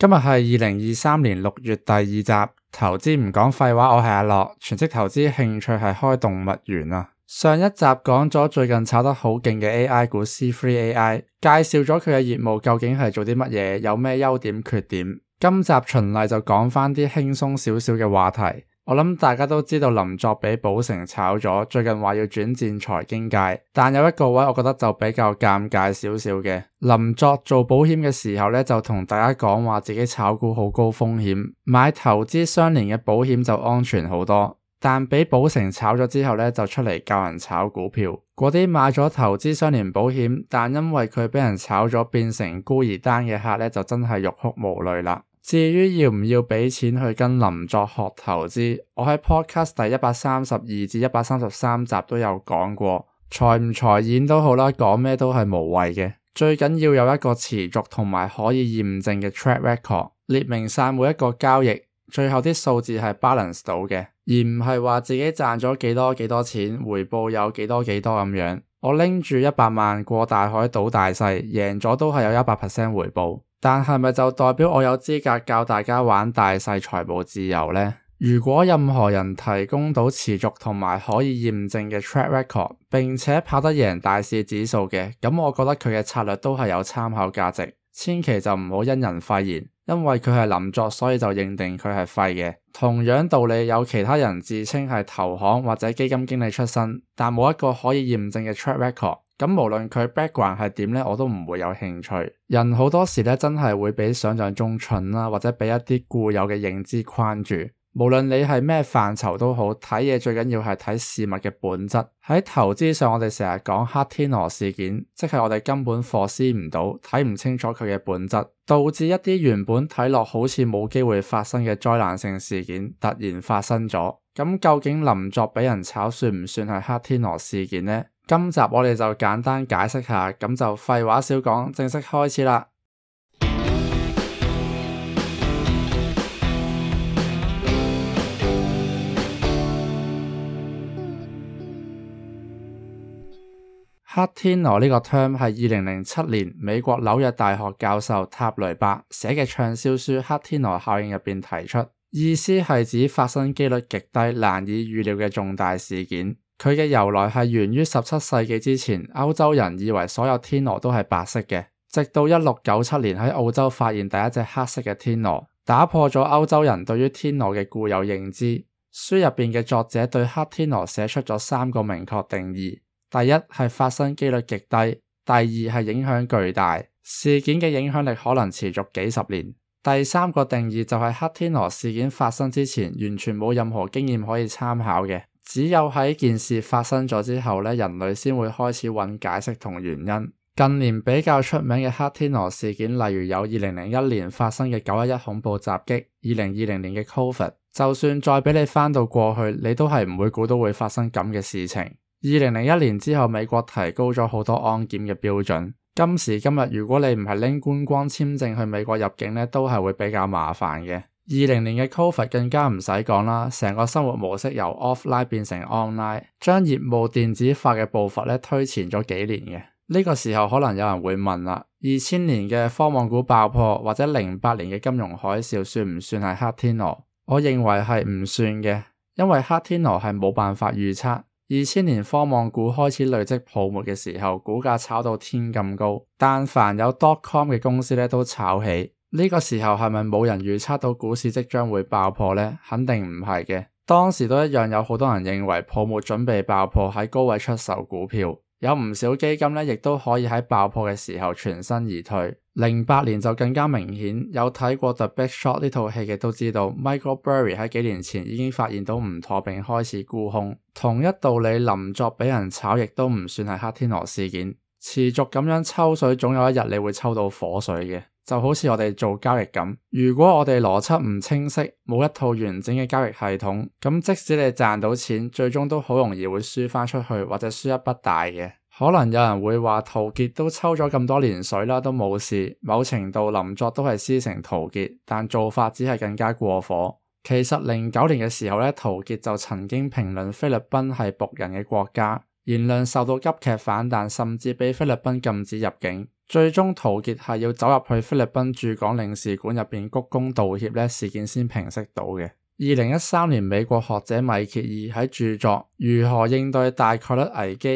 今日係二零二三年六月第二集，投資唔講廢話，我係阿樂，全職投資興趣係開動物園啊。上一集講咗最近炒得好勁嘅 AI 股 C Three AI，介紹咗佢嘅業務究竟係做啲乜嘢，有咩優點缺點。今集循例就講翻啲輕鬆少少嘅話題。我諗大家都知道林作俾保誠炒咗，最近話要轉戰財經界，但有一個位我覺得就比較尷尬少少嘅。林作做保險嘅時候咧，就同大家講話自己炒股好高風險，買投資相連嘅保險就安全好多。但俾保誠炒咗之後咧，就出嚟教人炒股票。嗰啲買咗投資相連保險，但因為佢俾人炒咗變成孤兒單嘅客咧，就真係欲哭無淚啦。至於要唔要俾錢去跟林作學投資，我喺 Podcast 第一百三十二至一百三十三集都有講過，財唔財演都好啦，講咩都係無謂嘅。最緊要有一個持續同埋可以驗證嘅 track record，列明晒每一個交易，最後啲數字係 balance 到嘅，而唔係話自己賺咗幾多幾多錢，回報有幾多幾多咁樣。我拎住一百萬過大海賭大細，贏咗都係有一百 percent 回報。但係咪就代表我有資格教大家玩大細財務自由呢？如果任何人提供到持續同埋可以驗證嘅 track record，並且跑得贏大市指數嘅，咁我覺得佢嘅策略都係有參考價值。千祈就唔好因人廢言，因為佢係林作，所以就認定佢係廢嘅。同樣道理，有其他人自稱係投行或者基金經理出身，但冇一個可以驗證嘅 track record。咁無論佢 background 係點咧，我都唔會有興趣。人好多時咧，真係會比想象中蠢啦，或者俾一啲固有嘅認知框住。無論你係咩範疇都好，睇嘢最緊要係睇事物嘅本質。喺投資上，我哋成日講黑天鵝事件，即係我哋根本 foresee 唔到，睇唔清楚佢嘅本質，導致一啲原本睇落好似冇機會發生嘅災難性事件突然發生咗。咁究竟林作俾人炒，算唔算係黑天鵝事件呢？今集我哋就簡單解釋下，咁就廢話少講，正式開始啦。黑天鵝呢個 term 係二零零七年美國紐約大學教授塔雷伯寫嘅暢銷書《黑天鵝效應》入邊提出，意思係指發生幾率極低、難以預料嘅重大事件。佢嘅由來係源於十七世紀之前，歐洲人以為所有天鵝都係白色嘅。直到一六九七年喺澳洲發現第一隻黑色嘅天鵝，打破咗歐洲人對於天鵝嘅固有認知。書入面嘅作者對黑天鵝寫出咗三個明確定義：第一係發生幾率極低；第二係影響巨大，事件嘅影響力可能持續幾十年；第三個定義就係黑天鵝事件發生之前完全冇任何經驗可以參考嘅。只有喺件事發生咗之後咧，人類先會開始揾解釋同原因。近年比較出名嘅黑天鵝事件，例如有二零零一年發生嘅九一一恐怖襲擊，二零二零年嘅 Covid。就算再畀你返到過去，你都係唔會估到會發生咁嘅事情。二零零一年之後，美國提高咗好多安檢嘅標準。今時今日，如果你唔係拎觀光簽證去美國入境咧，都係會比較麻煩嘅。二零年嘅 Covid 更加唔使講啦，成個生活模式由 offline 變成 online，將業務電子化嘅步伐推前咗幾年嘅。呢、這個時候可能有人會問啦，二千年嘅科網股爆破或者零八年嘅金融海嘯算唔算係黑天鵝？我認為係唔算嘅，因為黑天鵝係冇辦法預測。二千年科網股開始累積泡沫嘅時候，股價炒到天咁高，但凡有 dotcom 嘅公司都炒起。呢個時候係咪冇人預測到股市即將會爆破呢？肯定唔係嘅，當時都一樣有好多人認為泡沫準備爆破，喺高位出售股票，有唔少基金咧，亦都可以喺爆破嘅時候全身而退。零八年就更加明顯，有睇過《The Big Short》呢套戲嘅都知道，Michael Burry 喺幾年前已經發現到唔妥，並開始沽空。同一道理，林作俾人炒亦都唔算係黑天鵝事件，持續咁樣抽水，總有一日你會抽到火水嘅。就好似我哋做交易咁，如果我哋邏輯唔清晰，冇一套完整嘅交易系統，咁即使你賺到錢，最終都好容易會輸翻出去，或者輸一筆大嘅。可能有人會話陶傑都抽咗咁多年水啦，都冇事。某程度林作都係師承陶傑，但做法只係更加過火。其實零九年嘅時候呢，陶傑就曾經評論菲律賓係僕人嘅國家。言論受到急劇反彈，甚至被菲律賓禁止入境，最終陶傑係要走入去菲律賓駐港領事館入邊鞠躬道歉咧，事件先平息到嘅。二零一三年，美國學者米歇爾喺著作《如何應對大概率危機》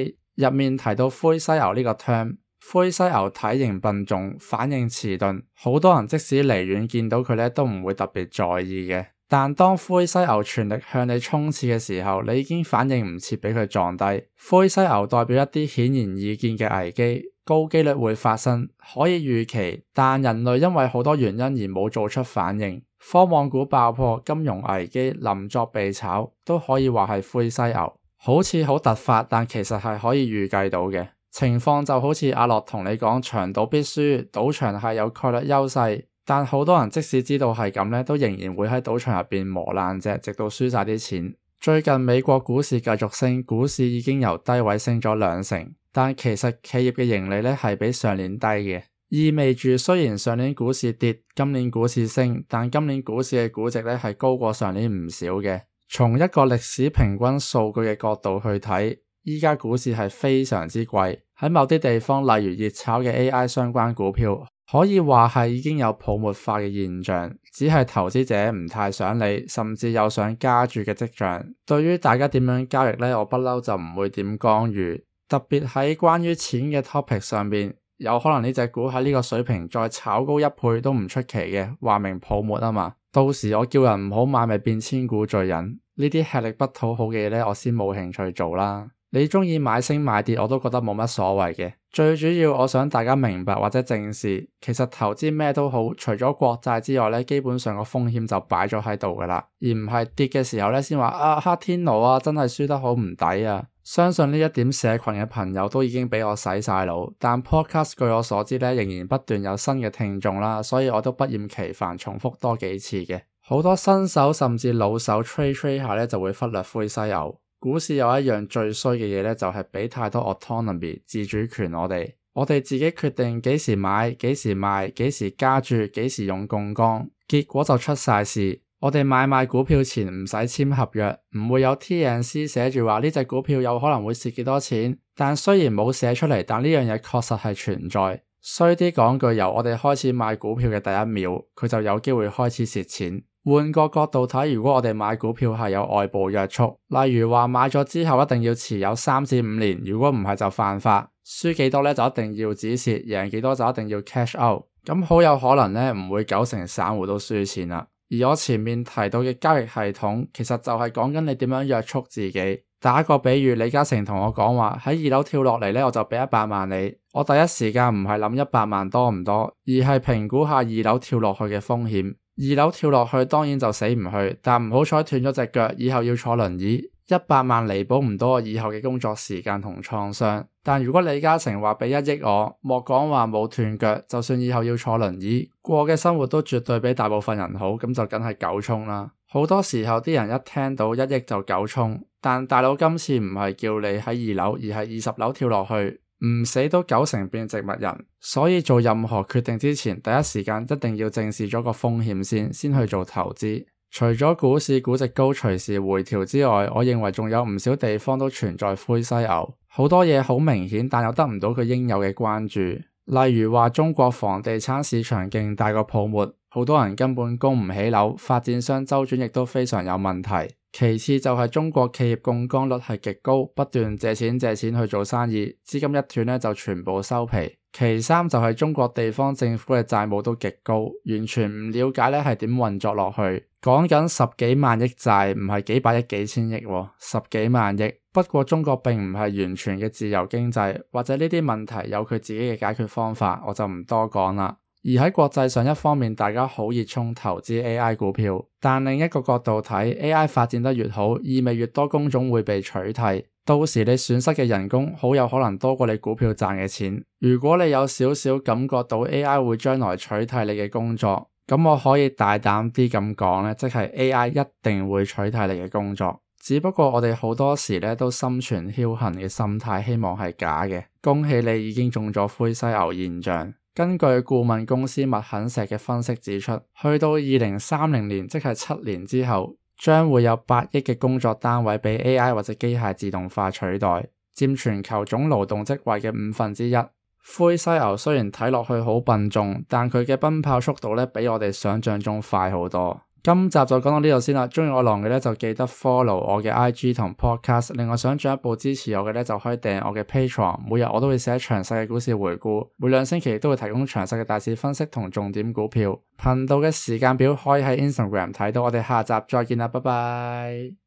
入面提到灰犀牛呢個 term，灰犀牛體型笨重，反應遲鈍，好多人即使離遠見到佢咧，都唔會特別在意嘅。但當灰犀牛全力向你衝刺嘅時候，你已經反應唔切，俾佢撞低。灰犀牛代表一啲顯然易見嘅危機，高幾率會發生，可以預期。但人類因為好多原因而冇做出反應，科網股爆破、金融危機、林作被炒，都可以話係灰犀牛。好似好突發，但其實係可以預計到嘅情況，就好似阿樂同你講，長賭必輸，賭場係有概率優勢。但好多人即使知道係咁咧，都仍然會喺賭場入邊磨爛只，直到輸晒啲錢。最近美國股市繼續升，股市已經由低位升咗兩成。但其實企業嘅盈利咧，係比上年低嘅，意味住雖然上年股市跌，今年股市升，但今年股市嘅估值咧，係高過上年唔少嘅。從一個歷史平均數據嘅角度去睇，依家股市係非常之貴。喺某啲地方，例如熱炒嘅 AI 相關股票，可以話係已經有泡沫化嘅現象，只係投資者唔太想理，甚至有想加注嘅跡象。對於大家點樣交易呢，我不嬲就唔會點干預。特別喺關於錢嘅 topic 上面，有可能呢隻股喺呢個水平再炒高一倍都唔出奇嘅，話明泡沫啊嘛。到時我叫人唔好買，咪變千古罪人。呢啲吃力不討好嘅嘢呢，我先冇興趣做啦。你中意買升買跌，我都覺得冇乜所謂嘅。最主要我想大家明白或者正視，其實投資咩都好，除咗國債之外咧，基本上個風險就擺咗喺度噶啦，而唔係跌嘅時候咧先話啊黑天鵝啊，真係輸得好唔抵啊！相信呢一點社群嘅朋友都已經畀我洗晒腦，但 Podcast 據我所知咧，仍然不斷有新嘅聽眾啦，所以我都不厭其煩重複多幾次嘅。好多新手甚至老手 trade trade 下咧就會忽略灰犀牛。股市有一樣最衰嘅嘢咧，就係俾太多 autonomy 自主權我哋，我哋自己決定幾時買、幾時賣、幾時加注、幾時用槓桿，結果就出曬事。我哋買賣股票前唔使簽合約，唔會有 TNC 寫住話呢隻股票有可能會蝕幾多錢，但雖然冇寫出嚟，但呢樣嘢確實係存在。衰啲講句，由我哋開始買股票嘅第一秒，佢就有機會開始蝕錢。換個角度睇，如果我哋買股票係有外部約束，例如話買咗之後一定要持有三至五年，如果唔係就犯法。輸幾多呢就一定要止蝕，贏幾多就一定要 cash out。咁好有可能呢，唔會九成散戶都輸錢啦。而我前面提到嘅交易系統，其實就係講緊你點樣約束自己。打個比喻，李嘉誠同我講話喺二樓跳落嚟呢，我就俾一百萬你。我第一時間唔係諗一百萬多唔多，而係評估下二樓跳落去嘅風險。二樓跳落去當然就死唔去，但唔好彩斷咗隻腳，以後要坐輪椅，一百萬彌補唔到我以後嘅工作時間同創傷。但如果李嘉誠話俾一億我，莫講話冇斷腳，就算以後要坐輪椅，過嘅生活都絕對比大部分人好，咁就梗係九衝啦。好多時候啲人一聽到一億就九衝，但大佬今次唔係叫你喺二樓，而係二十樓跳落去。唔死都九成變植物人，所以做任何決定之前，第一時間一定要正視咗個風險先，先去做投資。除咗股市估值高隨時回調之外，我認為仲有唔少地方都存在灰犀牛，好多嘢好明顯，但又得唔到佢應有嘅關注。例如話中國房地產市場勁大個泡沫，好多人根本供唔起樓，發展商周轉亦都非常有問題。其次就係中國企業槓桿率係極高，不斷借錢借錢去做生意，資金一斷咧就全部收皮。其三就係中國地方政府嘅債務都極高，完全唔了解咧係點運作落去。講緊十幾萬億債，唔係幾百億幾千億喎，十幾萬億。不過中國並唔係完全嘅自由經濟，或者呢啲問題有佢自己嘅解決方法，我就唔多講啦。而喺國際上，一方面大家好熱衷投資 AI 股票，但另一個角度睇，AI 發展得越好，意味越多工種會被取替，到時你損失嘅人工好有可能多過你股票賺嘅錢。如果你有少少感覺到 AI 會將來取替你嘅工作，咁我可以大膽啲咁講呢，即係 AI 一定會取替你嘅工作。只不過我哋好多時咧都心存僥倖嘅心態，希望係假嘅。恭喜你已經中咗灰犀牛現象。根據顧問公司麥肯錫嘅分析指出，去到二零三零年，即係七年之後，將會有八億嘅工作單位被 AI 或者機械自動化取代，佔全球總勞動職位嘅五分之一。灰犀牛雖然睇落去好笨重，但佢嘅奔跑速度咧，比我哋想象中快好多。今集就講到呢度先啦，鍾意我浪嘅咧就記得 follow 我嘅 IG 同 podcast，另外想進一步支持我嘅咧就可以訂我嘅 Patreon，每日我都會寫詳細嘅股市回顧，每兩星期都會提供詳細嘅大市分析同重點股票。頻道嘅時間表可以喺 Instagram 睇到，我哋下集再見啦，拜拜。